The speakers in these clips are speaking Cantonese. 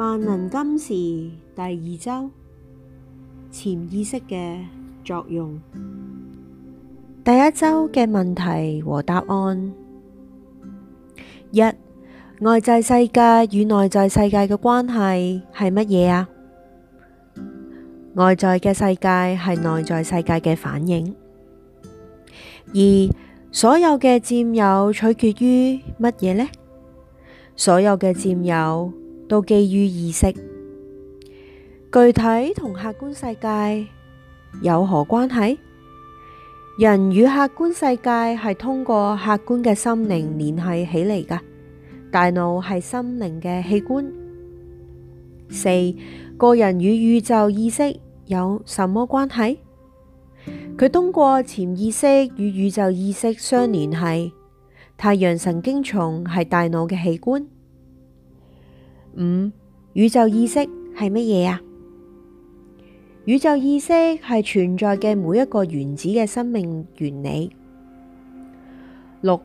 萬能金時第二周潛意識嘅作用，第一周嘅問題和答案：一、外在世界與內在世界嘅關係係乜嘢啊？外在嘅世界係內在世界嘅反應。二、所有嘅佔有取決於乜嘢呢？所有嘅佔有。都基於意識，具體同客觀世界有何關係？人與客觀世界係通過客觀嘅心靈聯繫起嚟㗎，大腦係心靈嘅器官。四、個人與宇宙意識有什麼關係？佢通過潛意識與宇宙意識相聯繫。太陽神經叢係大腦嘅器官。五、宇宙意識係乜嘢啊？宇宙意識係存在嘅每一個原子嘅生命原理。六、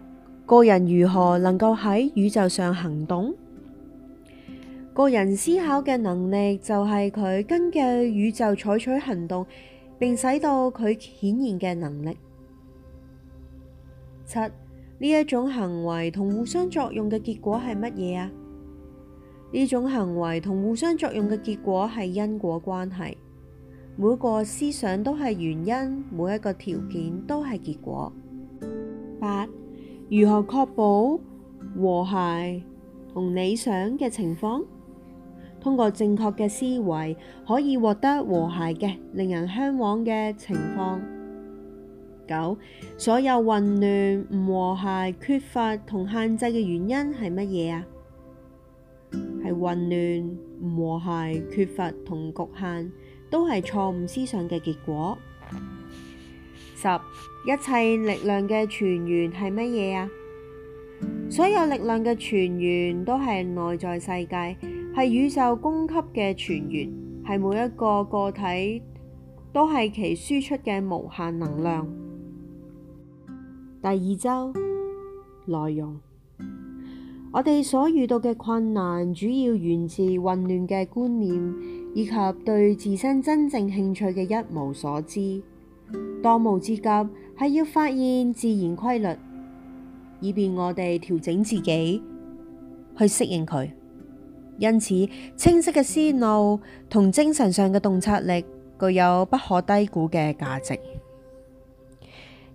個人如何能夠喺宇宙上行動？個人思考嘅能力就係佢根據宇宙採取行動，並使到佢顯現嘅能力。七、呢一種行為同互相作用嘅結果係乜嘢啊？呢種行為同互相作用嘅結果係因果關係。每個思想都係原因，每一個條件都係結果。八、如何確保和諧同理想嘅情況？通過正確嘅思維，可以獲得和諧嘅、令人向往嘅情況。九、所有混亂、唔和諧、缺乏同限制嘅原因係乜嘢啊？係混亂、唔和諧、缺乏同局限，都係錯誤思想嘅結果。十，一切力量嘅泉源係乜嘢啊？所有力量嘅泉源都係內在世界，係宇宙供給嘅泉源，係每一個個體都係其輸出嘅無限能量。第二周內容。我哋所遇到嘅困難，主要源自混亂嘅觀念，以及對自身真正興趣嘅一無所知。當務之急係要發現自然規律，以便我哋調整自己去適應佢。因此，清晰嘅思路同精神上嘅洞察力具有不可低估嘅價值。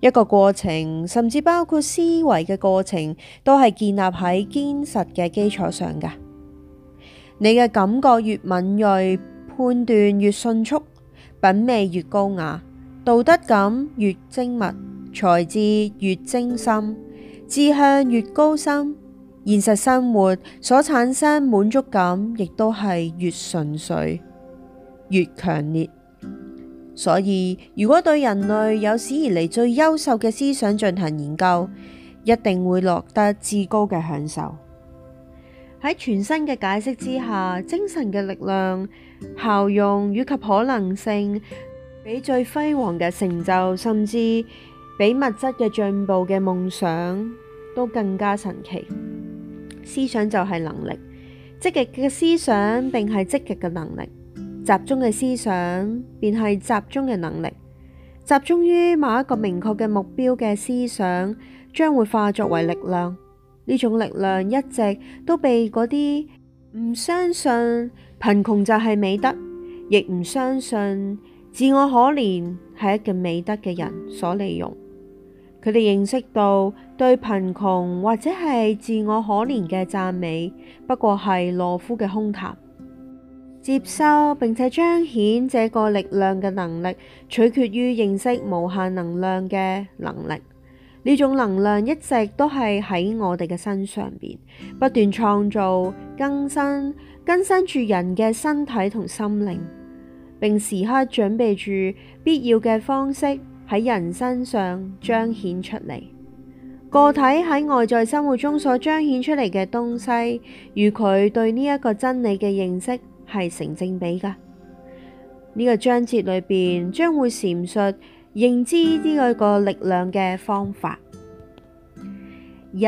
一個過程，甚至包括思維嘅過程，都係建立喺堅實嘅基礎上㗎。你嘅感覺越敏銳，判斷越迅速，品味越高雅，道德感越精密，才智越精深，志向越高深，現實生活所產生滿足感，亦都係越純粹、越強烈。所以，如果對人類有史以嚟最優秀嘅思想進行研究，一定會落得至高嘅享受。喺全新嘅解釋之下，精神嘅力量、效用與及可能性，比最輝煌嘅成就，甚至比物質嘅進步嘅夢想都更加神奇。思想就係能力，積極嘅思想並係積極嘅能力。集中嘅思想，便係集中嘅能力。集中於某一個明確嘅目標嘅思想，將會化作為力量。呢種力量一直都被嗰啲唔相信貧窮就係美德，亦唔相信自我可憐係一個美德嘅人所利用。佢哋認識到對貧窮或者係自我可憐嘅讚美，不過係懦夫嘅空談。接收並且彰顯這個力量嘅能力，取決於認識無限能量嘅能力。呢種能量一直都係喺我哋嘅身上邊，不斷創造、更新、更新住人嘅身體同心靈，並時刻準備住必要嘅方式喺人身上彰顯出嚟。個體喺外在生活中所彰顯出嚟嘅東西，與佢對呢一個真理嘅認識。係成正比噶。呢個章節裏邊將會闡述認知呢個力量嘅方法。一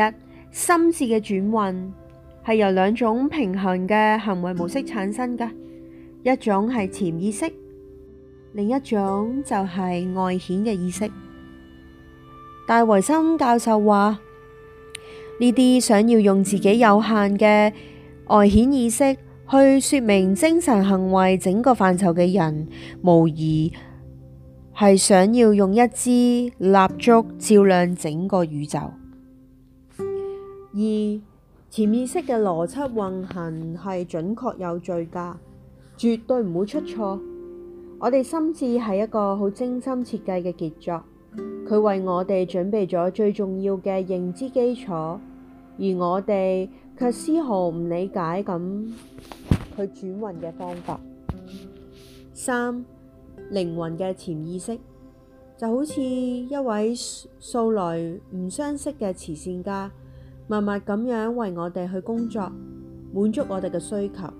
心智嘅轉運係由兩種平衡嘅行為模式產生㗎，一種係潛意識，另一種就係外顯嘅意識。戴維森教授話：呢啲想要用自己有限嘅外顯意識。去說明精神行為整個範疇嘅人，無疑係想要用一支蠟燭照亮整個宇宙。二潛意識嘅邏輯運行係準確有序噶，絕對唔會出錯。我哋心智係一個好精心設計嘅傑作，佢為我哋準備咗最重要嘅認知基礎，而我哋。卻絲毫唔理解咁佢轉運嘅方法。三、靈魂嘅潛意識，就好似一位素來唔相識嘅慈善家，默默咁樣為我哋去工作，滿足我哋嘅需求，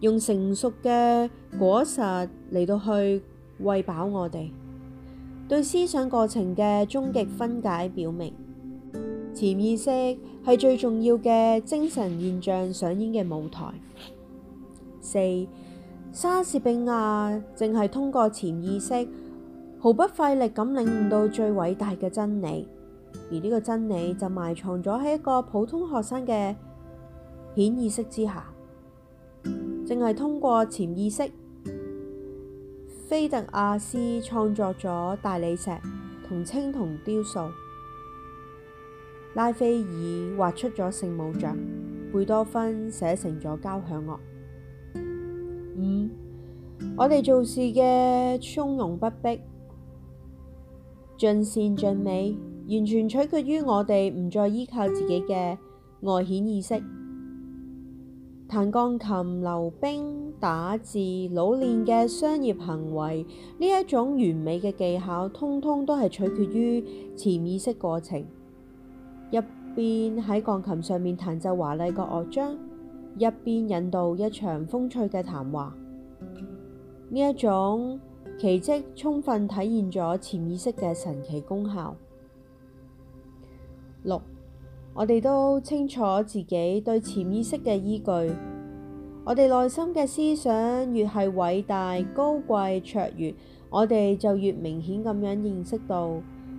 用成熟嘅果實嚟到去餵飽我哋。對思想過程嘅終極分解表明，潛意識係最重要嘅精神現象上演嘅舞台。四、莎士比亞淨係通過潛意識毫不費力咁領悟到最偉大嘅真理，而呢個真理就埋藏咗喺一個普通學生嘅顯意識之下。淨係通過潛意識，菲特亞斯創作咗大理石同青銅雕塑。拉斐爾畫出咗聖母像，貝多芬寫成咗交響樂。五、嗯，我哋做事嘅從容不迫、盡善盡美，完全取決於我哋唔再依靠自己嘅外顯意識。彈鋼琴、溜冰、打字、老練嘅商業行為，呢一種完美嘅技巧，通通都係取決於潛意識過程。一邊喺鋼琴上面彈奏華麗嘅樂章，一邊引導一場風趣嘅談話，呢一種奇蹟充分體現咗潛意識嘅神奇功效。六，我哋都清楚自己對潛意識嘅依據，我哋內心嘅思想越係偉大高貴卓越，我哋就越明顯咁樣認識到。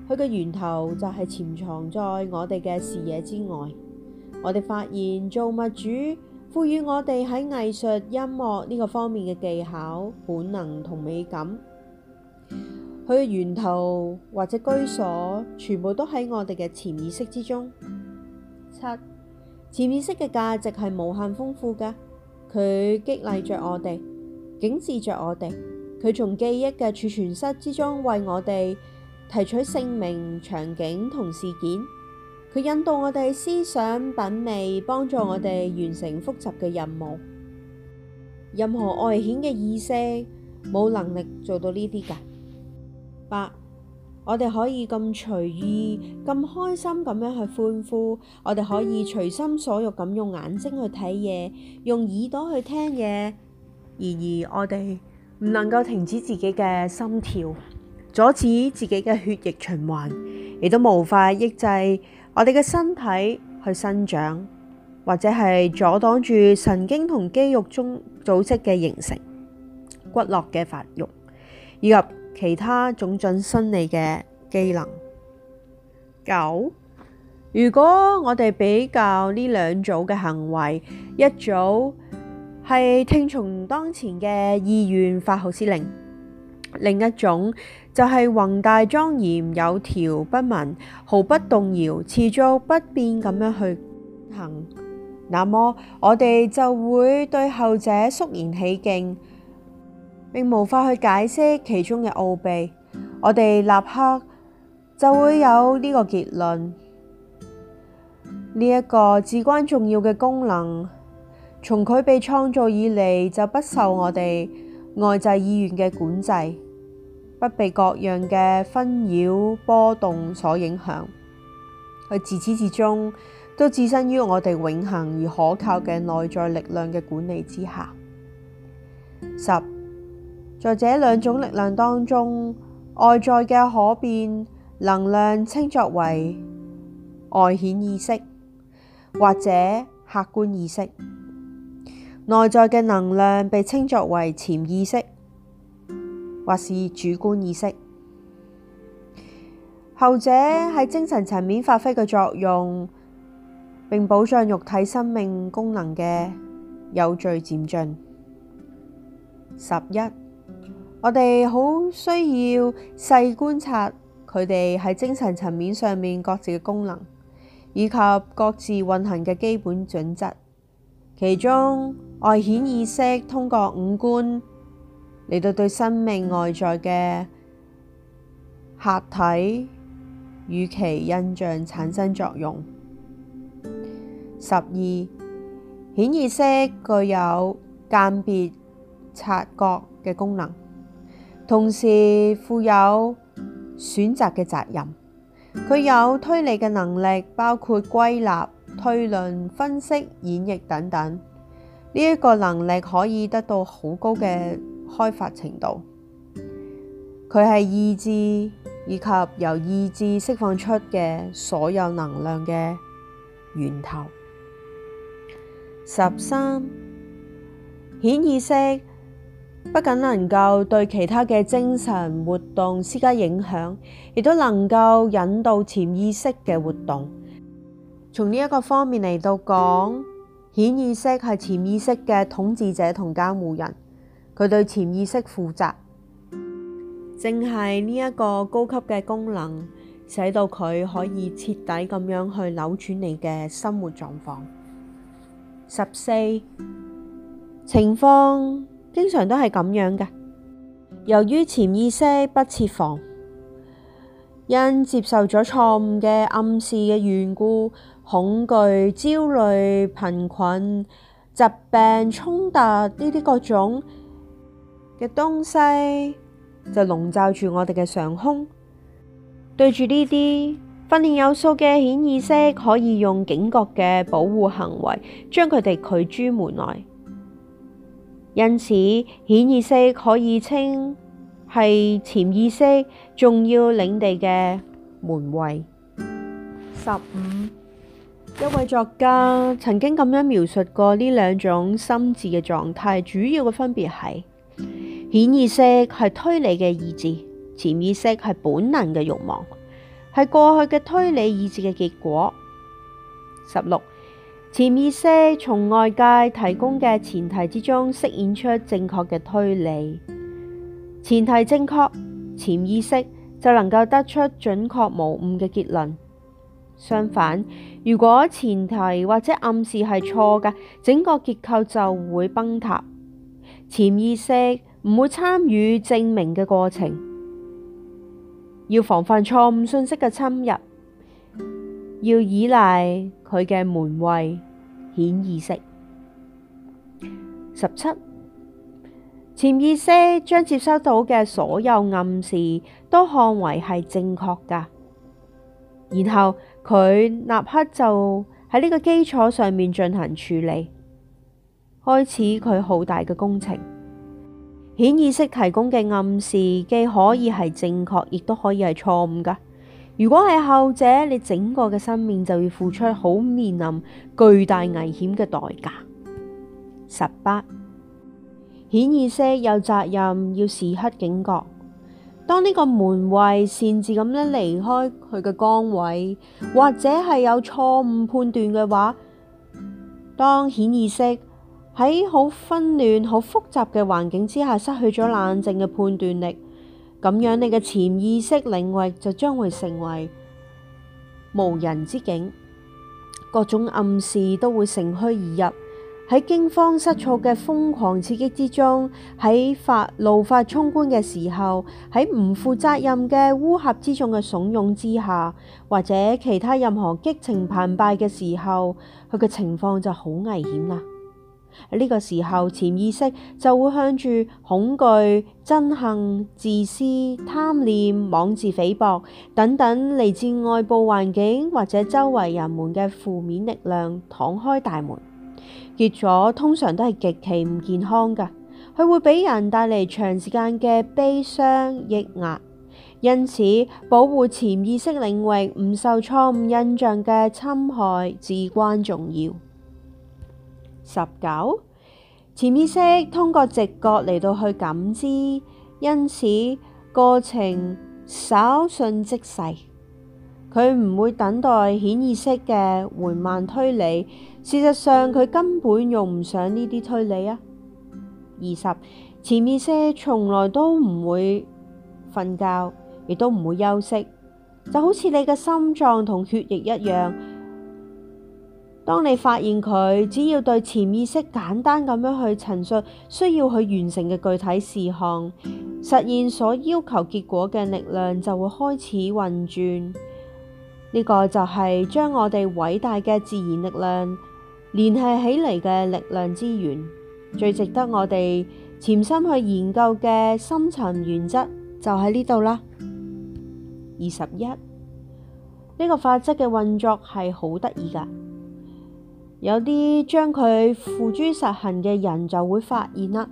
佢嘅源頭就係潛藏在我哋嘅視野之外，我哋發現造物主賦予我哋喺藝術、音樂呢個方面嘅技巧、本能同美感。佢嘅源頭或者居所，全部都喺我哋嘅潛意識之中。七、潛意識嘅價值係無限豐富嘅，佢激勵着我哋，警示着我哋，佢從記憶嘅儲存室之中為我哋。提取姓名、場景同事件，佢引導我哋思想品味，幫助我哋完成複雜嘅任務。任何外顯嘅意識冇能力做到呢啲㗎。八，我哋可以咁隨意、咁、嗯、開心咁樣去歡呼，我哋可以隨心所欲咁用眼睛去睇嘢，用耳朵去聽嘢，然而，而我哋唔能夠停止自己嘅心跳，阻止自己嘅血液循環，亦都無法抑制我哋嘅身體去生長，或者係阻擋住神經同肌肉中組織嘅形成、骨骼嘅發育，以及其他種種生理嘅機能。九，如果我哋比較呢兩組嘅行為，一組係聽從當前嘅意願發號施令。另一種就係、是、宏大莊嚴、有條不紊、毫不動搖、持續不變咁樣去行，那麼我哋就會對後者肅然起敬，並無法去解釋其中嘅奧秘。我哋立刻就會有呢個結論，呢、這、一個至關重要嘅功能，從佢被創造以嚟就不受我哋。外在意願嘅管制，不被各樣嘅紛擾波動所影響，佢自始至終都置身於我哋永恒而可靠嘅內在力量嘅管理之下。十，在這兩種力量當中，外在嘅可變能量稱作為外顯意識或者客觀意識。內在嘅能量被稱作為潛意識，或是主觀意識。後者喺精神層面發揮嘅作用，並保障肉體生命功能嘅有序漸進。十一，我哋好需要細觀察佢哋喺精神層面上面各自嘅功能，以及各自運行嘅基本準則，其中。外顯意識通過五官嚟到對生命外在嘅客體與其印象產生作用。十二，顯意識具有鑒別、察覺嘅功能，同時負有選擇嘅責任。佢有推理嘅能力，包括歸納、推論、分析、演繹等等。呢一個能力可以得到好高嘅開發程度，佢係意志以及由意志釋放出嘅所有能量嘅源頭。十三，顯意識不僅能夠對其他嘅精神活動施加影響，亦都能夠引導潛意識嘅活動。從呢一個方面嚟到講，嗯顯意識係潛意識嘅統治者同監護人，佢對潛意識負責，正係呢一個高級嘅功能，使到佢可以徹底咁樣去扭轉你嘅生活狀況。十四，情況經常都係咁樣嘅，由於潛意識不設防，因接受咗錯誤嘅暗示嘅緣故。恐懼、焦慮、貧困、疾病、衝突呢啲各種嘅東西，就籠罩住我哋嘅上空。對住呢啲訓練有素嘅顯意識，可以用警覺嘅保護行為將佢哋拒諸門外。因此，顯意識可以稱係潛意識重要領地嘅門衞。十五。一位作家曾經咁樣描述過呢兩種心智嘅狀態，主要嘅分別係：顯意識係推理嘅意志，潛意識係本能嘅慾望，係過去嘅推理意志嘅結果。十六，潛意識從外界提供嘅前提之中，飾演出正確嘅推理，前提正確，潛意識就能夠得出準確無誤嘅結論。相反，如果前提或者暗示係錯嘅，整個結構就會崩塌。潛意識唔會參與證明嘅過程，要防範錯誤信息嘅侵入，要依賴佢嘅門衛顯意識。十七，潛意識將接收到嘅所有暗示都看為係正確噶，然後。佢立刻就喺呢個基礎上面進行處理，開始佢好大嘅工程。顯意識提供嘅暗示既可以係正確，亦都可以係錯誤噶。如果係後者，你整個嘅生命就要付出好面臨巨大危險嘅代價。十八，顯意識有責任要時刻警覺。當呢個門衛擅自咁樣離開佢嘅崗位，或者係有錯誤判斷嘅話，當顯意識喺好紛亂、好複雜嘅環境之下失去咗冷靜嘅判斷力，咁樣你嘅潛意識領域就將會成為無人之境，各種暗示都會乘虛而入。喺驚慌失措嘅瘋狂刺激之中，喺怒髮衝冠嘅時候，喺唔負責任嘅烏合之眾嘅慫恿之下，或者其他任何激情澎湃嘅時候，佢嘅情況就好危險啦。呢個時候，潛意識就會向住恐懼、憎恨、自私、貪念、妄自菲薄等等嚟自外部環境或者周圍人們嘅負面力量敞開大門。結咗通常都係極其唔健康噶佢會俾人帶嚟長時間嘅悲傷抑壓，因此保護潛意識領域唔受錯誤印象嘅侵害至關重要。十九，潛意識通過直覺嚟到去感知，因此過程稍信即逝。佢唔會等待顯意識嘅緩慢推理，事實上佢根本用唔上呢啲推理啊。二十，潛意識從來都唔會瞓覺，亦都唔會休息，就好似你嘅心臟同血液一樣。當你發現佢，只要對潛意識簡單咁樣去陳述需要去完成嘅具體事項，實現所要求結果嘅力量就會開始運轉。呢個就係將我哋偉大嘅自然力量聯繫起嚟嘅力量之源，最值得我哋潛心去研究嘅深層原則就喺呢度啦。二十一，呢個法則嘅運作係好得意噶，有啲將佢付諸實行嘅人就會發現啦，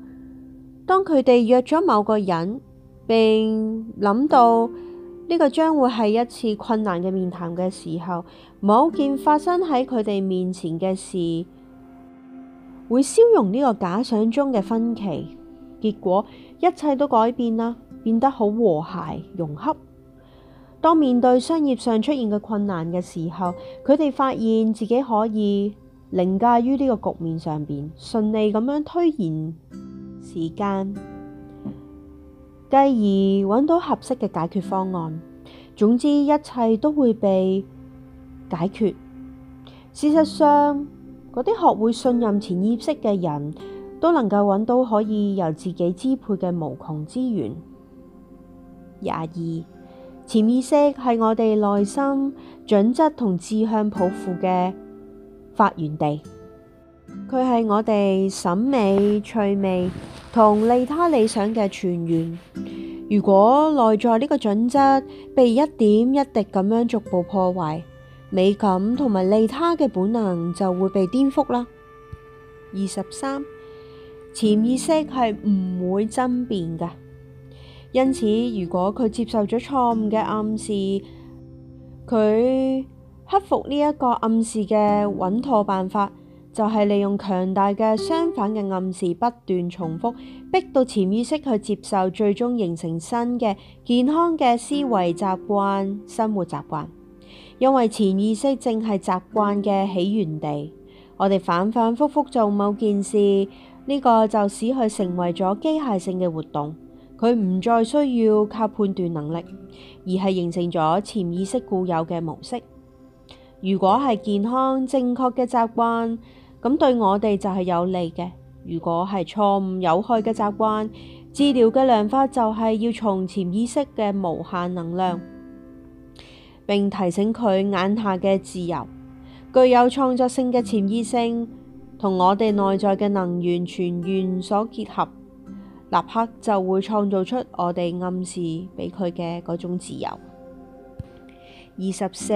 當佢哋約咗某個人，並諗到，呢、這個將會係一次困難嘅面談嘅時候，某件發生喺佢哋面前嘅事，會消融呢個假想中嘅分歧，結果一切都改變啦，變得好和諧融洽。當面對商業上出現嘅困難嘅時候，佢哋發現自己可以凌駕於呢個局面上面，順利咁樣推延時間。繼而揾到合適嘅解決方案，總之一切都會被解決。事實上，嗰啲學會信任潛意識嘅人都能夠揾到可以由自己支配嘅無窮資源。廿二，潛意識係我哋內心準則同志向抱負嘅發源地。佢係我哋審美、趣味同利他理想嘅泉源。如果內在呢個準則被一點一滴咁樣逐步破壞，美感同埋利他嘅本能就會被顛覆啦。二十三，潛意識係唔會爭辯噶，因此如果佢接受咗錯誤嘅暗示，佢克服呢一個暗示嘅穩妥辦法。就係、是、利用強大嘅相反嘅暗示不斷重複，逼到潛意識去接受，最終形成新嘅健康嘅思維習慣、生活習慣。因為潛意識正係習慣嘅起源地，我哋反反覆覆做某件事，呢、這個就使佢成為咗機械性嘅活動，佢唔再需要靠判斷能力，而係形成咗潛意識固有嘅模式。如果係健康正確嘅習慣。咁對我哋就係有利嘅。如果係錯誤有害嘅習慣，治療嘅良法就係要從潛意識嘅無限能量，並提醒佢眼下嘅自由，具有創作性嘅潛意識同我哋內在嘅能源全源所結合，立刻就會創造出我哋暗示俾佢嘅嗰種自由。二十四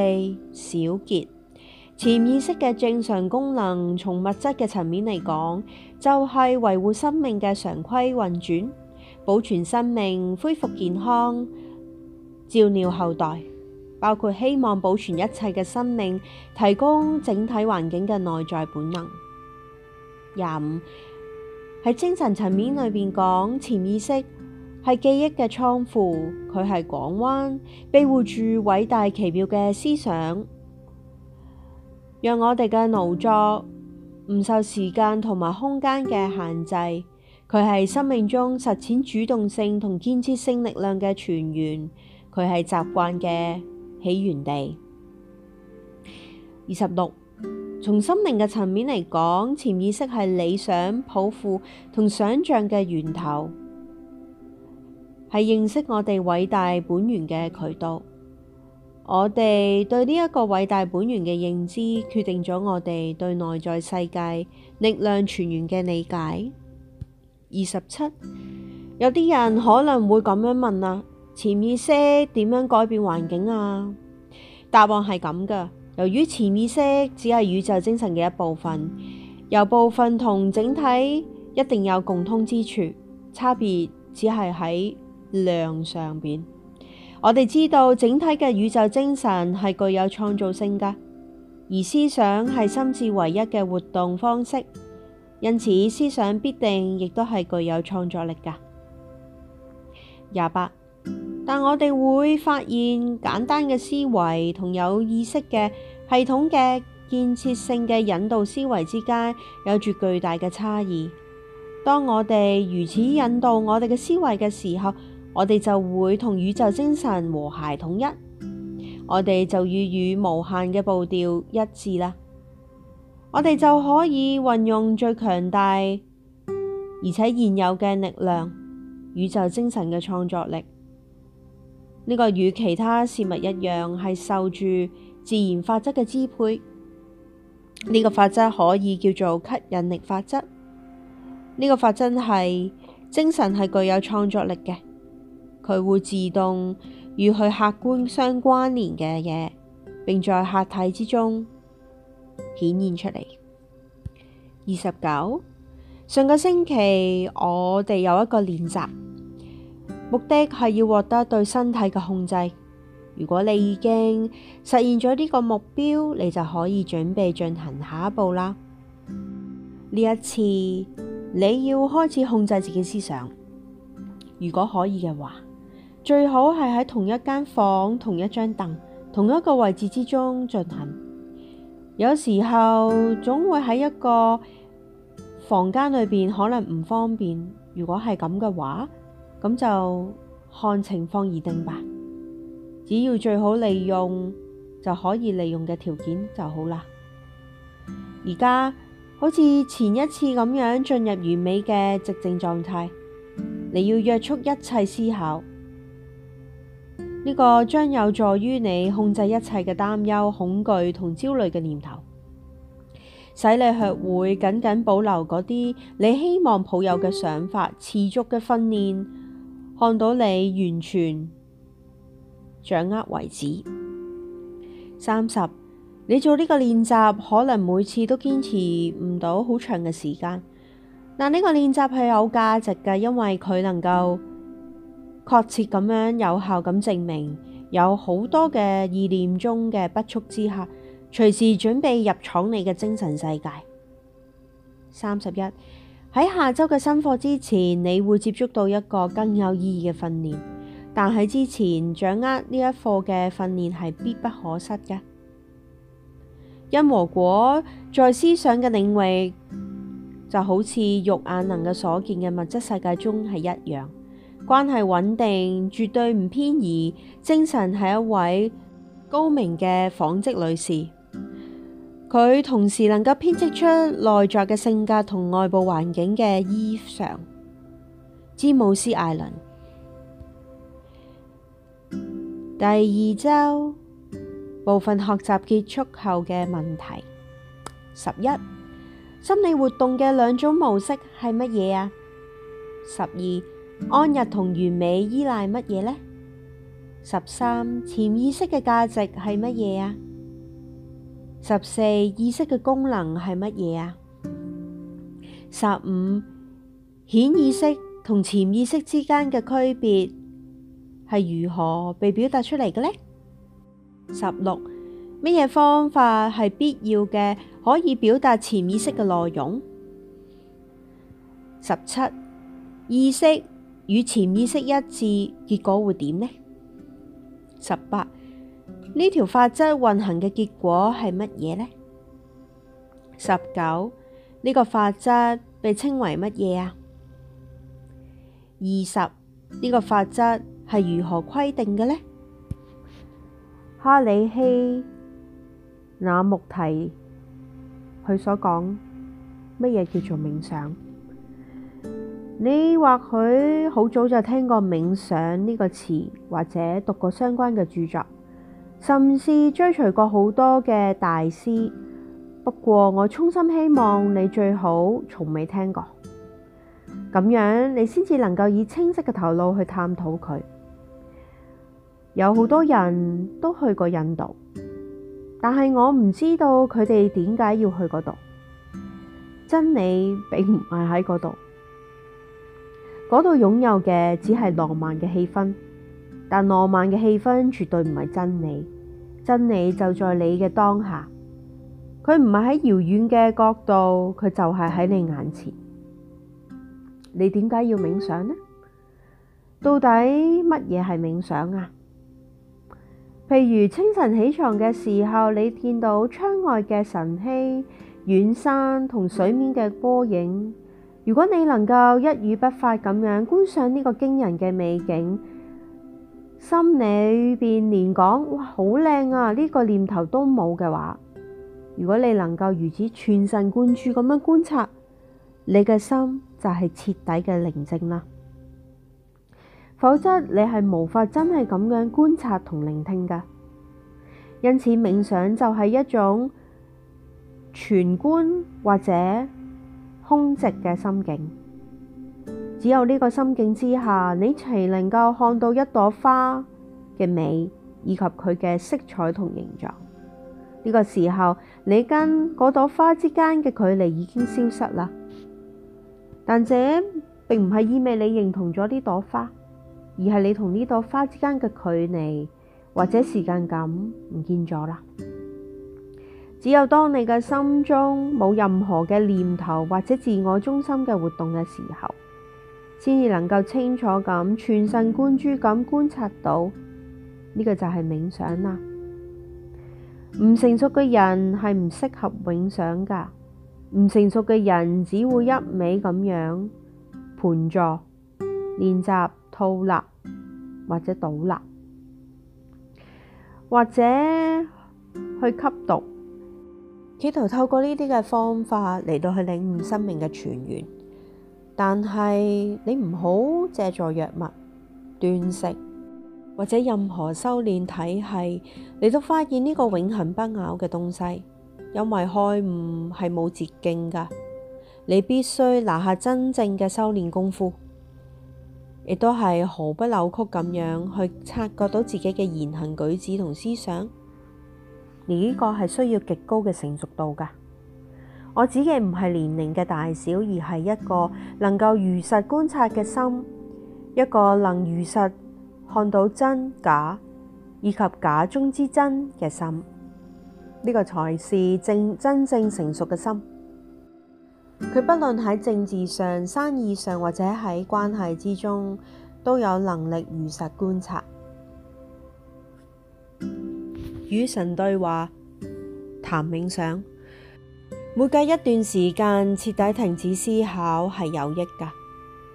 小結。潛意識嘅正常功能，從物質嘅層面嚟講，就係維護生命嘅常規運轉，保存生命、恢復健康、照料後代，包括希望保存一切嘅生命，提供整體環境嘅內在本能。廿喺精神層面裏邊講，潛意識係記憶嘅倉庫，佢係港灣，庇護住偉大奇妙嘅思想。讓我哋嘅勞作唔受時間同埋空間嘅限制，佢係生命中實踐主動性同建設性力量嘅泉源，佢係習慣嘅起源地。二十六，從心靈嘅層面嚟講，潛意識係理想抱負同想象嘅源頭，係認識我哋偉大本源嘅渠道。我哋對呢一個偉大本源嘅認知，決定咗我哋對內在世界力量泉源嘅理解。二十七，有啲人可能會咁樣問啊，潛意識點樣改變環境啊？答案係咁噶。由於潛意識只係宇宙精神嘅一部分，由部分同整體一定有共通之處，差別只係喺量上邊。我哋知道整體嘅宇宙精神係具有創造性噶而思想係心智唯一嘅活動方式，因此思想必定亦都係具有創造力噶。廿八，但我哋會發現簡單嘅思維同有意識嘅系統嘅建設性嘅引導思維之間有住巨大嘅差異。當我哋如此引導我哋嘅思維嘅時候，我哋就會同宇宙精神和諧統一，我哋就要與無限嘅步調一致啦。我哋就可以運用最強大而且現有嘅力量，宇宙精神嘅創作力。呢個與其他事物一樣，係受住自然法則嘅支配。呢個法則可以叫做吸引力法則。呢個法則係精神係具有創作力嘅。佢會自動與佢客觀相關聯嘅嘢，並在客體之中顯現出嚟。二十九，上個星期我哋有一個練習，目的係要獲得對身體嘅控制。如果你已經實現咗呢個目標，你就可以準備進行下一步啦。呢一次你要開始控制自己的思想，如果可以嘅話。最好係喺同一間房間，同一張凳，同一個位置之中進行。有時候總會喺一個房間裏邊可能唔方便。如果係咁嘅話，咁就看情況而定吧。只要最好利用就可以利用嘅條件就好啦。而家好似前一次咁樣進入完美嘅寂靜狀態，你要約束一切思考。呢個將有助於你控制一切嘅擔憂、恐懼同焦慮嘅念頭，使你學會緊緊保留嗰啲你希望抱有嘅想法，持續嘅訓練，看到你完全掌握為止。三十，你做呢個練習可能每次都堅持唔到好長嘅時間，但呢個練習係有價值嘅，因為佢能夠。確切咁樣，有效咁證明有好多嘅意念中嘅不速之客，隨時準備入闖你嘅精神世界。三十一，喺下周嘅新課之前，你會接觸到一個更有意義嘅訓練，但喺之前掌握呢一課嘅訓練係必不可少嘅。因和果在思想嘅領域，就好似肉眼能夠所見嘅物質世界中係一樣。關係穩定，絕對唔偏移。精神係一位高明嘅紡織女士，佢同時能夠編織出內在嘅性格同外部環境嘅衣裳。詹姆斯艾倫。第二周部分學習結束後嘅問題：十一，心理活動嘅兩種模式係乜嘢啊？十二。安逸同完美依賴乜嘢呢？十三，潛意識嘅價值係乜嘢啊？十四，意識嘅功能係乜嘢啊？十五，顯意識同潛意識之間嘅區別係如何被表達出嚟嘅呢？十六，乜嘢方法係必要嘅，可以表達潛意識嘅內容？十七，意識。與潛意識一致，結果會點呢？十八，呢條法則運行嘅結果係乜嘢呢？十九，呢個法則被稱為乜嘢啊？二十，呢個法則係如何規定嘅呢？哈里希那穆提佢所講乜嘢叫做冥想？你或許好早就聽過冥想呢個詞，或者讀過相關嘅著作，甚至追隨過好多嘅大師。不過，我衷心希望你最好從未聽過，咁樣你先至能夠以清晰嘅頭腦去探討佢。有好多人都去過印度，但係我唔知道佢哋點解要去嗰度。真理並唔係喺嗰度。嗰度擁有嘅只係浪漫嘅氣氛，但浪漫嘅氣氛絕對唔係真理，真理就在你嘅當下。佢唔係喺遙遠嘅角度，佢就係喺你眼前。你點解要冥想呢？到底乜嘢係冥想啊？譬如清晨起床嘅時候，你見到窗外嘅晨曦、遠山同水面嘅波影。如果你能夠一語不發咁樣觀賞呢個驚人嘅美景，心裏邊連講哇好靚啊呢個念頭都冇嘅話，如果你能夠如此全神貫注咁樣觀察，你嘅心就係徹底嘅寧靜啦。否則你係無法真係咁樣觀察同聆聽噶。因此冥想就係一種全觀或者。空寂嘅心境，只有呢個心境之下，你才能夠看到一朵花嘅美，以及佢嘅色彩同形狀。呢個時候，你跟嗰朵花之間嘅距離已經消失啦。但這並唔係意味你認同咗呢朵花，而係你同呢朵花之間嘅距離或者時間感唔見咗啦。只有當你嘅心中冇任何嘅念頭或者自我中心嘅活動嘅時候，先至能夠清楚咁全神貫注咁觀察到。呢個就係冥想啦。唔成熟嘅人係唔適合冥想噶，唔成熟嘅人只會一味咁樣盤坐、練習吐納或者倒立，或者去吸毒。企圖透過呢啲嘅方法嚟到去領悟生命嘅全緣，但係你唔好借助藥物、斷食或者任何修煉體系，你都發現呢個永恆不朽嘅東西，因為開悟，係冇捷徑噶，你必須拿下真正嘅修煉功夫，亦都係毫不扭曲咁樣去察覺到自己嘅言行舉止同思想。呢個係需要極高嘅成熟度㗎。我指嘅唔係年齡嘅大小，而係一個能夠如實觀察嘅心，一個能如實看到真假以及假中之真嘅心。呢個才是正真正成熟嘅心。佢不論喺政治上、生意上或者喺關係之中，都有能力如實觀察。與神對話，談冥想，每隔一段時間徹底停止思考係有益㗎。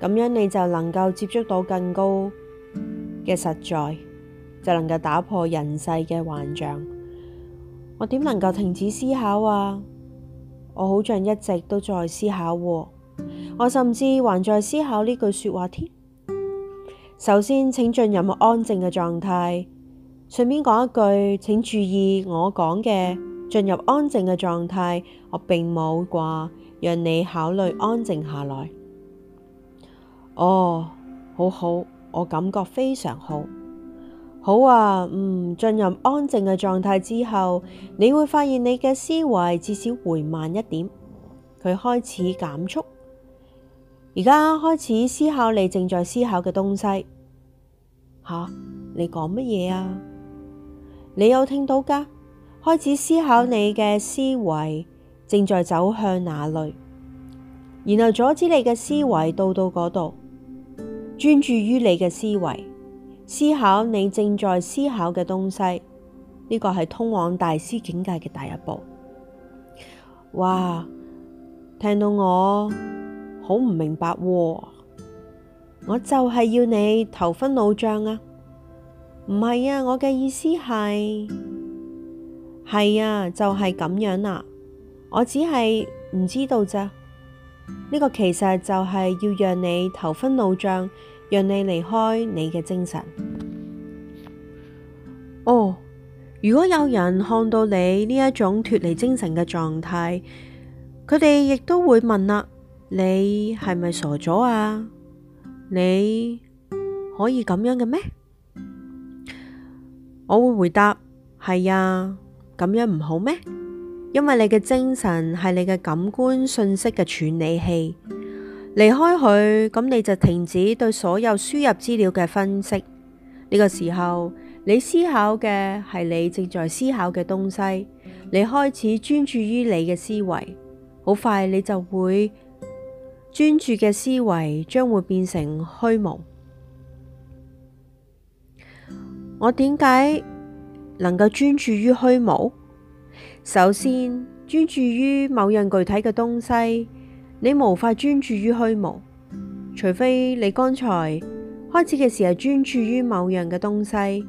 咁樣你就能夠接觸到更高嘅實在，就能夠打破人世嘅幻象。我點能夠停止思考啊？我好像一直都在思考，我甚至還在思考呢句說話添。首先，請進入安靜嘅狀態。順便講一句，請注意我講嘅進入安靜嘅狀態。我並冇啩讓你考慮安靜下來。哦，好好，我感覺非常好。好啊，嗯，進入安靜嘅狀態之後，你會發現你嘅思維至少回慢一點，佢開始減速。而家開始思考你正在思考嘅東西。吓、啊，你講乜嘢啊？你有聽到㗎？開始思考你嘅思維正在走向哪裏，然後阻止你嘅思維到到嗰度，專注於你嘅思維，思考你正在思考嘅東西。呢、這個係通往大師境界嘅第一步。哇！聽到我好唔明白、哦，我就係要你頭昏腦脹啊！唔係啊，我嘅意思係係啊，就係咁樣啊。我只係唔知道咋。呢個其實就係要讓你頭昏腦脹，讓你離開你嘅精神。哦，如果有人看到你呢一種脫離精神嘅狀態，佢哋亦都會問啦，啊，你係咪傻咗啊？你可以咁樣嘅咩？我會回答係啊，咁樣唔好咩？因為你嘅精神係你嘅感官信息嘅處理器，離開佢，咁你就停止對所有輸入資料嘅分析。呢個時候你思考嘅係你正在思考嘅東西，你開始專注於你嘅思維，好快你就會專注嘅思維將會變成虛無。我點解能夠專注於虛無？首先，專注於某樣具體嘅東西，你無法專注於虛無，除非你剛才開始嘅時候專注於某樣嘅東西。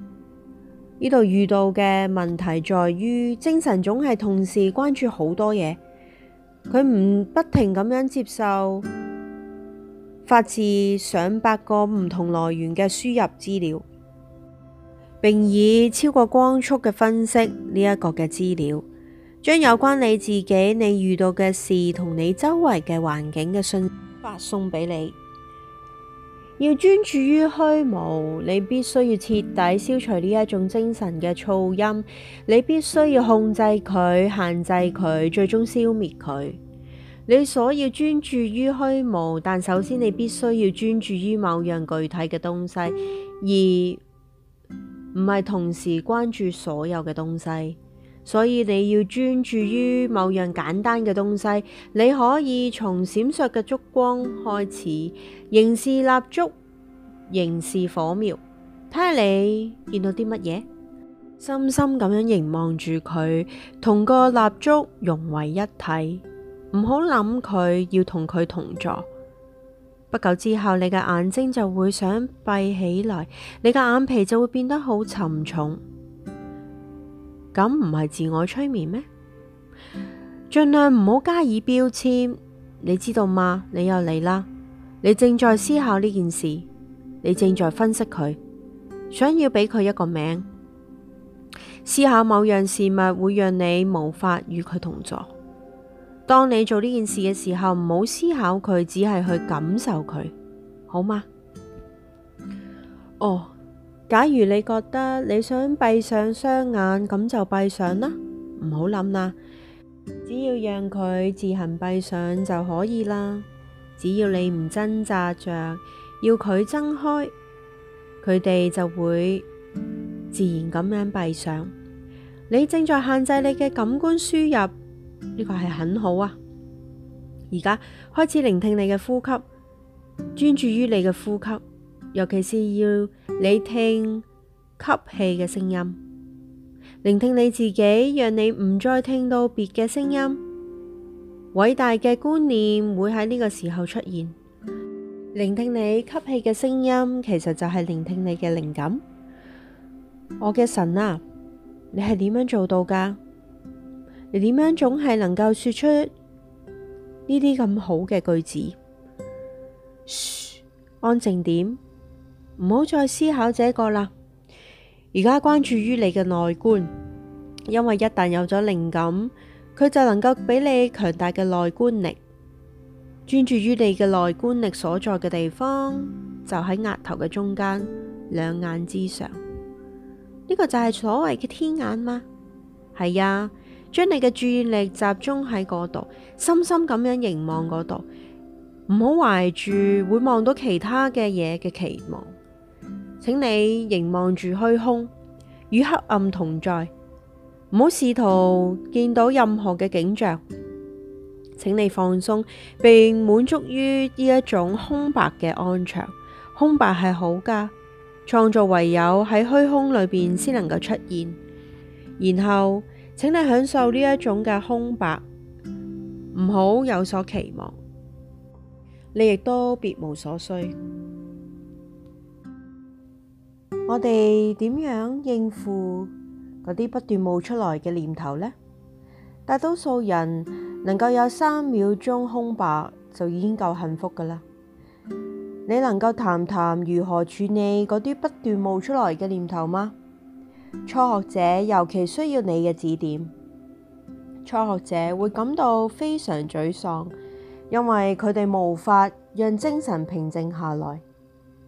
呢度遇到嘅問題在於，精神總係同時關注好多嘢，佢唔不停咁樣接受發自上百個唔同來源嘅輸入資料。並以超過光速嘅分析呢一個嘅資料，將有關你自己、你遇到嘅事同你周圍嘅環境嘅信發送俾你。要專注於虛無，你必須要徹底消除呢一種精神嘅噪音，你必須要控制佢、限制佢，最終消滅佢。你所要專注於虛無，但首先你必須要專注於某樣具體嘅東西，而。唔係同時關注所有嘅東西，所以你要專注於某樣簡單嘅東西。你可以從閃爍嘅燭光開始，凝視蠟燭，凝視火苗，睇下你見到啲乜嘢，深深咁樣凝望住佢，同個蠟燭融為一體。唔好諗佢，要同佢同座。不久之後，你嘅眼睛就會想閉起來，你嘅眼皮就會變得好沉重。咁唔係自我催眠咩？盡量唔好加以標籤，你知道嗎？你又嚟啦，你正在思考呢件事，你正在分析佢，想要俾佢一個名。思考某樣事物會讓你無法與佢同坐。當你做呢件事嘅時候，唔好思考佢，只係去感受佢，好嗎？哦，假如你覺得你想閉上雙眼，咁就閉上啦，唔好諗啦，只要讓佢自行閉上就可以啦。只要你唔掙扎着要佢睜開，佢哋就會自然咁樣閉上。你正在限制你嘅感官輸入。呢個係很好啊！而家開始聆聽你嘅呼吸，專注於你嘅呼吸，尤其是要你聽吸氣嘅聲音，聆聽你自己，讓你唔再聽到別嘅聲音。偉大嘅觀念會喺呢個時候出現。聆聽你吸氣嘅聲音，其實就係聆聽你嘅靈感。我嘅神啊，你係點樣做到㗎？你點樣總係能夠說出呢啲咁好嘅句子？噓，安靜點，唔好再思考這個啦。而家關注於你嘅內觀，因為一旦有咗靈感，佢就能夠俾你強大嘅內觀力。專注於你嘅內觀力所在嘅地方，就喺額頭嘅中間，兩眼之上。呢個就係所謂嘅天眼嘛？係啊。將你嘅注意力集中喺嗰度，深深咁樣凝望嗰度，唔好懷住會望到其他嘅嘢嘅期望。請你凝望住虛空，與黑暗同在，唔好試圖見到任何嘅景象。請你放鬆，並滿足於呢一種空白嘅安詳。空白係好噶，創造唯有喺虛空裏邊先能夠出現，然後。請你享受呢一種嘅空白，唔好有所期望。你亦都別無所需。我哋點樣應付嗰啲不斷冒出來嘅念頭呢？大多數人能夠有三秒鐘空白就已經夠幸福㗎喇。你能夠談談如何處理嗰啲不斷冒出來嘅念頭嗎？初學者尤其需要你嘅指點。初學者會感到非常沮喪，因為佢哋無法讓精神平靜下來，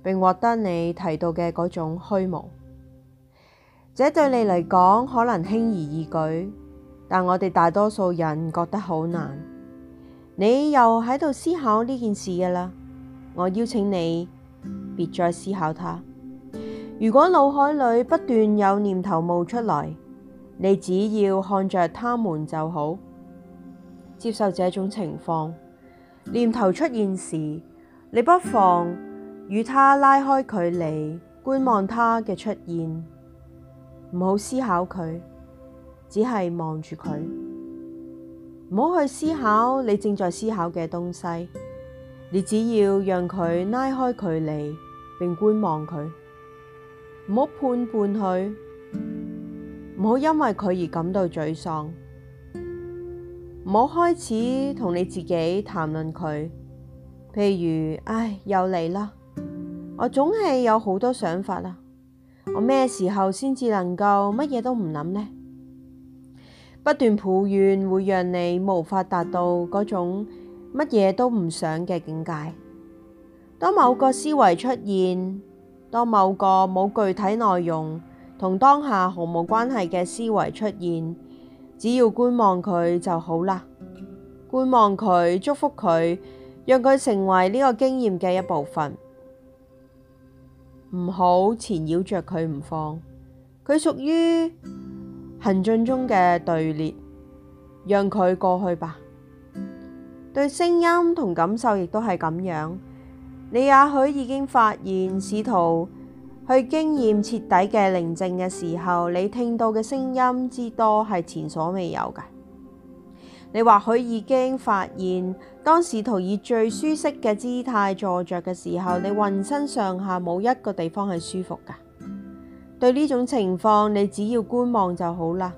並獲得你提到嘅嗰種虛無。這對你嚟講可能輕而易舉，但我哋大多數人覺得好難。你又喺度思考呢件事嘅啦，我邀請你別再思考它。如果腦海裏不斷有念頭冒出來，你只要看着他們就好，接受這種情況。念頭出現時，你不妨與他拉開距離，觀望他嘅出現，唔好思考佢，只係望住佢，唔好去思考你正在思考嘅東西。你只要讓佢拉開距離，並觀望佢。唔好判判佢，唔好因為佢而感到沮喪，唔好開始同你自己談論佢。譬如，唉，又嚟啦！我總係有好多想法啦。我咩時候先至能夠乜嘢都唔諗呢？不斷抱怨會讓你無法達到嗰種乜嘢都唔想嘅境界。當某個思維出現，當某個冇具體內容，同當下毫無關係嘅思維出現，只要觀望佢就好啦。觀望佢，祝福佢，讓佢成為呢個經驗嘅一部分。唔好纏繞着佢唔放。佢屬於行進中嘅隊列，讓佢過去吧。對聲音同感受亦都係咁樣。你也許已經發現，試圖去經驗徹底嘅寧靜嘅時候，你聽到嘅聲音之多係前所未有㗎。你或許已經發現，當試圖以最舒適嘅姿態坐着嘅時候，你渾身上下冇一個地方係舒服㗎。對呢種情況，你只要觀望就好啦。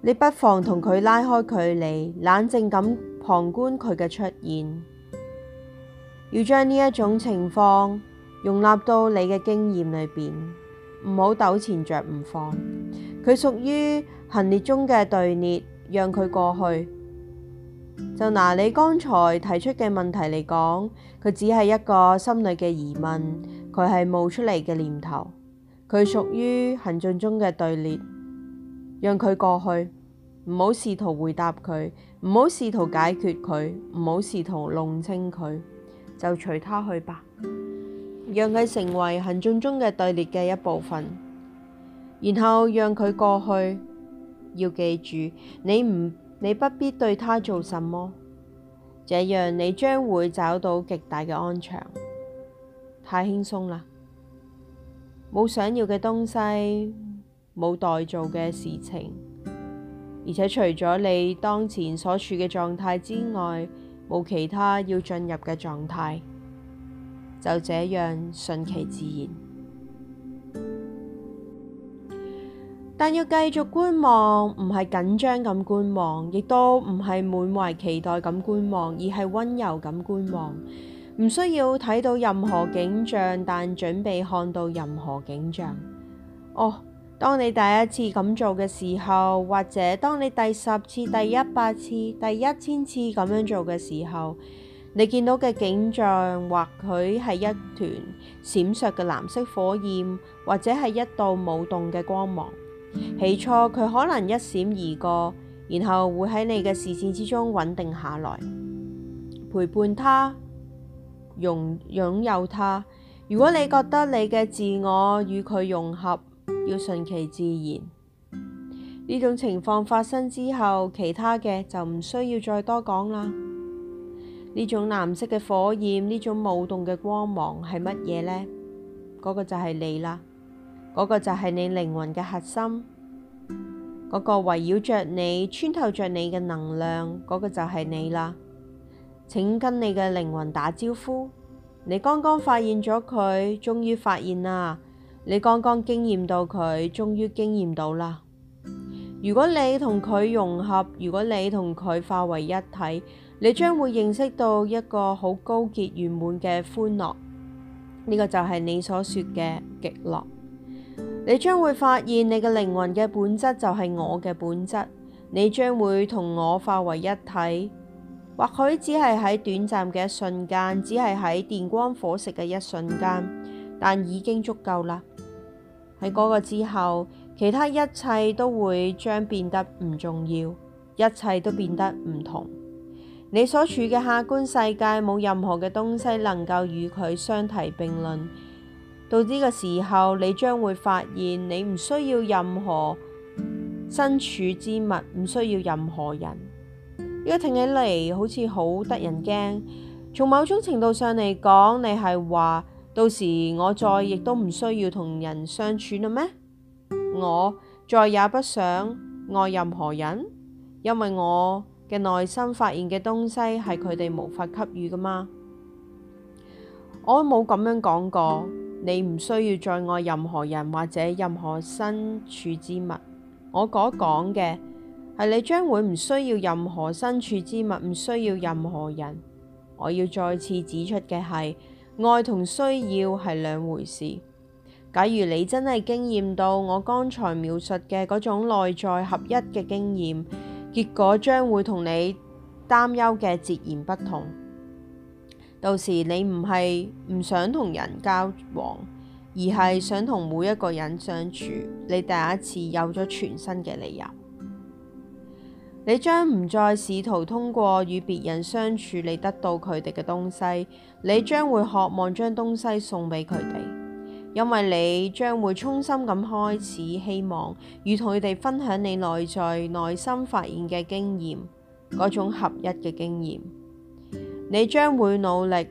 你不妨同佢拉開距離，冷靜咁旁觀佢嘅出現。要將呢一種情況容納到你嘅經驗裏邊，唔好糾纏着唔放。佢屬於行列中嘅隊列，讓佢過去。就拿你剛才提出嘅問題嚟講，佢只係一個心裏嘅疑問，佢係冒出嚟嘅念頭，佢屬於行進中嘅隊列，讓佢過去。唔好試圖回答佢，唔好試圖解決佢，唔好試圖弄清佢。就隨他去吧，讓佢成為行進中嘅隊列嘅一部分，然後讓佢過去。要記住，你唔，你不必對他做什麼，這樣你將會找到極大嘅安詳。太輕鬆啦，冇想要嘅東西，冇待做嘅事情，而且除咗你當前所處嘅狀態之外。嗯冇其他要進入嘅狀態，就這樣順其自然。但要繼續觀望，唔係緊張咁觀望，亦都唔係滿懷期待咁觀望，而係溫柔咁觀望。唔需要睇到任何景象，但準備看到任何景象。哦。當你第一次咁做嘅時候，或者當你第十次、第一百次、第一千次咁樣做嘅時候，你見到嘅景象或許係一團閃爍嘅藍色火焰，或者係一道舞動嘅光芒。起初佢可能一閃而過，然後會喺你嘅視線之中穩定下來，陪伴它，擁擁有它。如果你覺得你嘅自我與佢融合，要順其自然。呢種情況發生之後，其他嘅就唔需要再多講啦。呢種藍色嘅火焰，呢種舞動嘅光芒係乜嘢呢？嗰個就係你啦，嗰個就係你靈魂嘅核心，嗰個圍繞着你、穿透着你嘅能量，嗰個就係你啦。請跟你嘅靈魂打招呼，你剛剛發現咗佢，終於發現啦。你剛剛經驗到佢，終於經驗到啦。如果你同佢融合，如果你同佢化為一體，你將會認識到一個好高潔圓滿嘅歡樂。呢個就係你所說嘅極樂。你將會發現你嘅靈魂嘅本質就係我嘅本質，你將會同我化為一體。或許只係喺短暫嘅一瞬間，只係喺電光火石嘅一瞬間，但已經足夠啦。喺、那、嗰個之後，其他一切都會將變得唔重要，一切都變得唔同。你所處嘅客觀世界冇任何嘅東西能夠與佢相提並論。到呢個時候，你將會發現你唔需要任何身處之物，唔需要任何人。呢個聽起嚟好似好得人驚。從某種程度上嚟講，你係話。到時我再亦都唔需要同人相處啦咩？我再也不想愛任何人，因為我嘅內心發現嘅東西係佢哋無法給予噶嘛。我冇咁樣講過，你唔需要再愛任何人或者任何身處之物。我所講嘅係你將會唔需要任何身處之物，唔需要任何人。我要再次指出嘅係。愛同需要係兩回事。假如你真係經驗到我剛才描述嘅嗰種內在合一嘅經驗，結果將會同你擔憂嘅截然不同。到時你唔係唔想同人交往，而係想同每一個人相處。你第一次有咗全新嘅理由。你將唔再試圖通過與別人相處，你得到佢哋嘅東西。你將會渴望將東西送俾佢哋，因為你將會衷心咁開始希望，與同佢哋分享你內在、內心發現嘅經驗，嗰種合一嘅經驗。你將會努力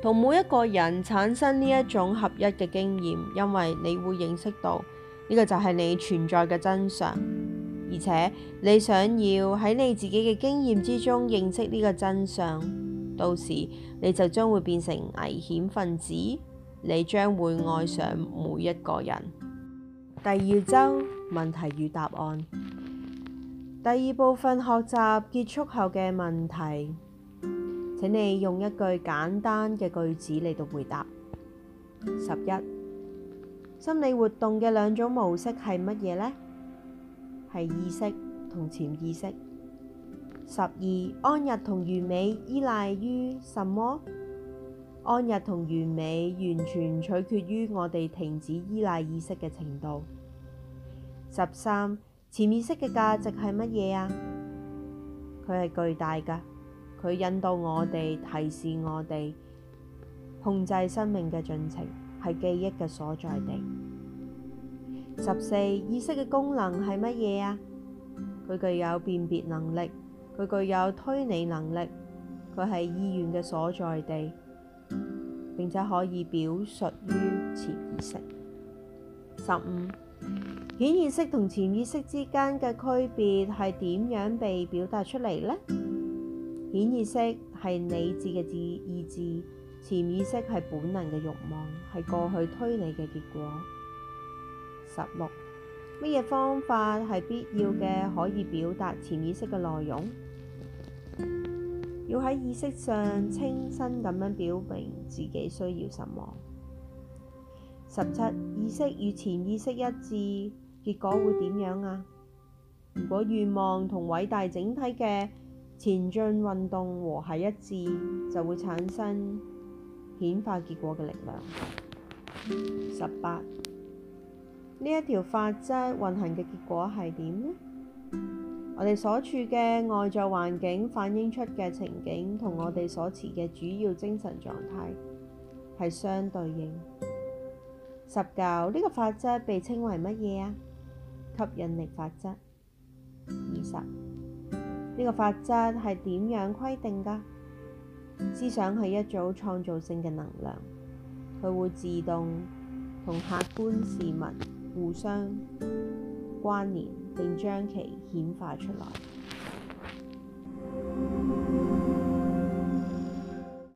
同每一個人產生呢一種合一嘅經驗，因為你會認識到呢個就係你存在嘅真相。而且你想要喺你自己嘅經驗之中認識呢個真相，到時你就將會變成危險分子，你將會愛上每一個人。第二周問題與答案，第二部分學習結束後嘅問題，請你用一句簡單嘅句子嚟到回答。十一心理活動嘅兩種模式係乜嘢呢？係意識同潛意識。十二、安逸同完美依賴於什麼？安逸同完美完全取決於我哋停止依賴意識嘅程度。十三、潛意識嘅價值係乜嘢呀？佢係巨大㗎，佢引導我哋，提示我哋，控制生命嘅進程，係記憶嘅所在地。十四，意識嘅功能係乜嘢啊？佢具有辨別能力，佢具有推理能力，佢係意願嘅所在地，並且可以表述於潛意識。十五，顯意識同潛意識之間嘅區別係點樣被表達出嚟呢？顯意識係理智嘅智意志，潛意識係本能嘅慾望，係過去推理嘅結果。十六，乜嘢方法係必要嘅可以表達潛意識嘅內容？要喺意識上清新咁樣表明自己需要什麼？十七，意識與潛意識一致，結果會點樣啊？如果願望同偉大整體嘅前進運動和諧一致，就會產生顯化結果嘅力量。十八。呢一條法則運行嘅結果係點呢？我哋所處嘅外在環境反映出嘅情景，同我哋所持嘅主要精神狀態係相對應。十九，呢個法則被稱為乜嘢啊？吸引力法則。二十，呢個法則係點樣規定噶？思想係一組創造性嘅能量，佢會自動同客觀事物，互相關聯，並將其顯化出來。